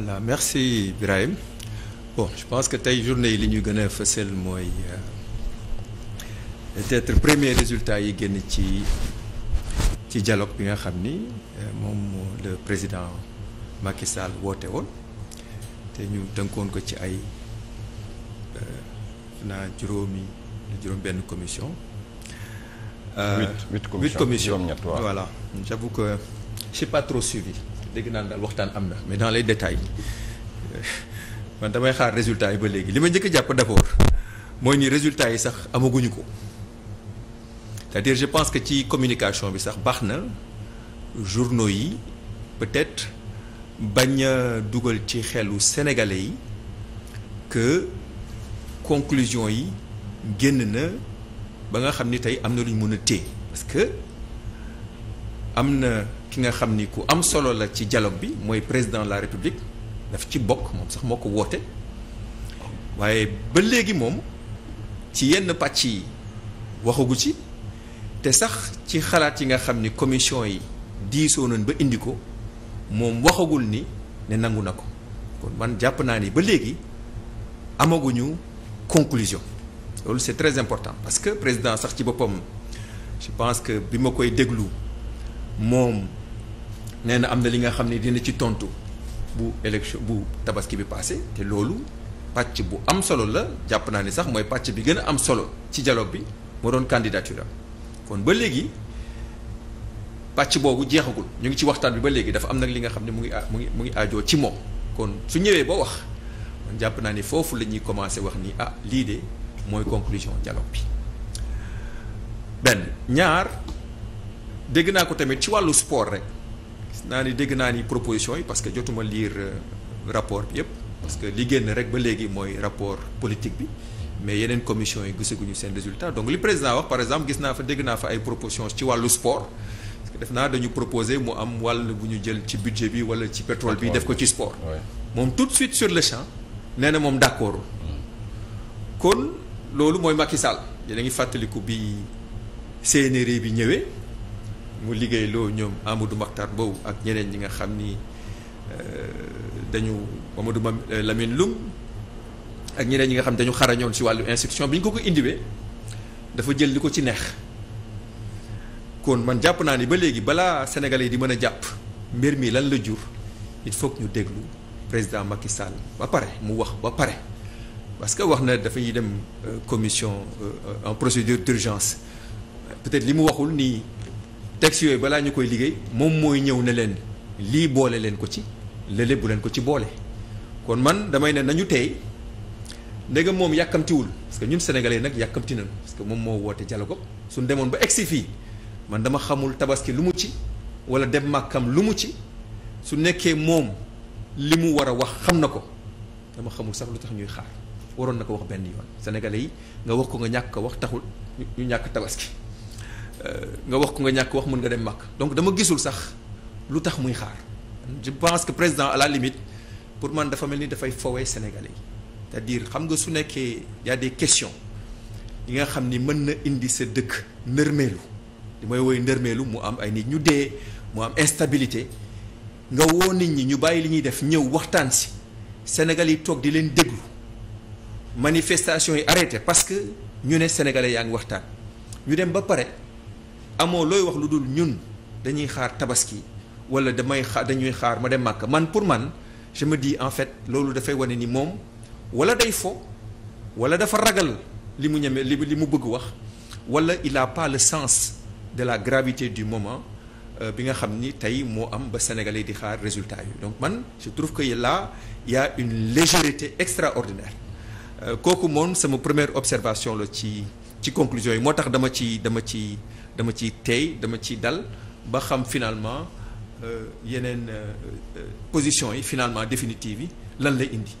voilà merci Ibrahim je pense que tey journée yi li ñu gën a fësal mooy euh, peut-être premier résultat yi génn ci ci dialogue bi nga xam ni euh, moom le président Macky Sall woote woon te ñu tënkoon ko ci ay euh, naa juróomi juróom-benn commission. huit huit ko huit commission voilà j'avoue que suivi. dégg naan daal waxtaan am na mais dans les détails euh, man damay xaar résultat yi ba léegi li ma njëkk a jàpp mooy ni résultat yi sax amaguñu ko cest à je pense que ci communication bi sax baax na journaux yi peut-être bañ a dugal ci xelu sénégalais yi que conclusion yi génn na ba nga xam ni tey am na lu ñu mën a téye parce que am na ki nga xam ni ku am solo la ci dialogue bi mooy président la république daf ci bokk moom sax moo ko woote waaye ba léegi moom ci yenn pàcc yi waxagu ci te sax ci xalaat yi nga xam ni commission yi diisoo nañ ba indi ko moom waxagul ni ne nangu na ko kon man jàpp naa ni ba léegi amaguñu conclusion loolu c'est très important parce que président sax ci boppam je pense que bi ma koy déglu moom nee na am na li nga xam ne dina ci tontu bu élection bu tabaski bi passé te loolu pàcc bu am solo la jàpp naa ni sax mooy pàcc bi gën a am solo ci dialogue bi moo doon candidature am kon ba léegi pàcc boobu jeexagul ñu ngi ci waxtaan bi ba léegi dafa am nag li nga xam ne mu ngi mu ngi mu ngi ci moom kon su ñëwee ba wax jàpp naa ni foofu la ñuy commencé wax ni ah lii de mooy conclusion dialogue bi benn ñaar dégg naa ko tamit ci wàllu sport rek naa ni dégg naa ni proposition yi parce que jotuma lire euh, rapport bi yëpp parce que li génn rek ba léegi mooy rapport politique bi mais yeneen commission yi gisaguñu seen résultat donc li président wax par exemple gis naa fa dégg naa fa ay propositions ci wàllu sport parce que def naa dañu proposer mu am wàll bu ñu jël ci budget bi wala ci pétrole bi def ko ci sport moom tout de suite sur le champ nee na moom d'accord kon loolu mooy Macky Sall yéen a ngi fàttaliku bi CNRI bi ñëwee mu liggéey loo ñoom Amadou Makhtar Mbow ak ñeneen ñi nga xam ni euh, dañu ma euh, Lamine Loum ak ñeneen ñi nga xam dañu xarañoon ci wàllu instruction bi ñu ko ko indiwee dafa jël li ko ci neex kon man jàpp naa ni ba léegi balaa sénégalais yi di mën a jàpp mbir mii lan la jur il faut ñu déglu président Macky Sall ba pare mu wax ba pare parce que wax na dafay dem euh, commission en procédure d'urgence peut-être li mu waxul nii texte yooyu balaa ñu koy liggéey moom mooy ñëw ne leen lii boole leen ko ci lële bu leen ko ci boole kon man damay ne nañu tey ndegam moom yàkkamtiwul parce que ñun yi nag yàkkamti nañu parce que moom moo woote dialogue suñ demoon egsi fii man dama xamul tabaski lu mu ci wala dem màkkam lu mu ci su nekkee moom li mu war a wax xam na ko dama xamul sax lu tax ñuy xaar waroon na ko wax benn yoon sénégalais yi nga wax ko nga ñàkk ko wax taxul ñu ñàkk tabaski Euh, nga wax ku nga ñàkk wax mun nga dem màkk donc dama gisul sax lu tax muy xaar je pense que président à la pour man dafa mel ni dafay fowee Sénégalais yi cest dire xam nga su nekkee y question des yi nga xam ni mën na indi sa dëkk ndërmeelu li may woy ndërmeelu mu am ay nit ñu dee mu am instabilité nga woo nit ñi ñu bàyyi li ñuy def ñëw waxtaan si Sénégal yi toog di leen déglu manifestation yi arrêté parce que ñu ne sénégalais yaa ngi waxtaan ñu dem ba pare amoo looy wax lu dul ñun dañuy xaar tabaski wala damay xaar dañuy xaar ma dem màkk man pour man je me dis en fait loolu dafay wane ni moom wala day fo wala dafa ragal li mu ñeme li li mu bëgg wax wala il la pas le sens de la gravité du moment euh, bi nga xam ni tey moo am ba yi di xaar résultat yi donc man je trouve que là y a une légèreté extraordinaire euh, kooku moom sama première observation la ci ci conclusion yi moo tax dama ci dama ci dama ciy tey dama ciy dal ba xam finalement euh, yeneen euh, euh, position yi finalement définitive yi lan lay indi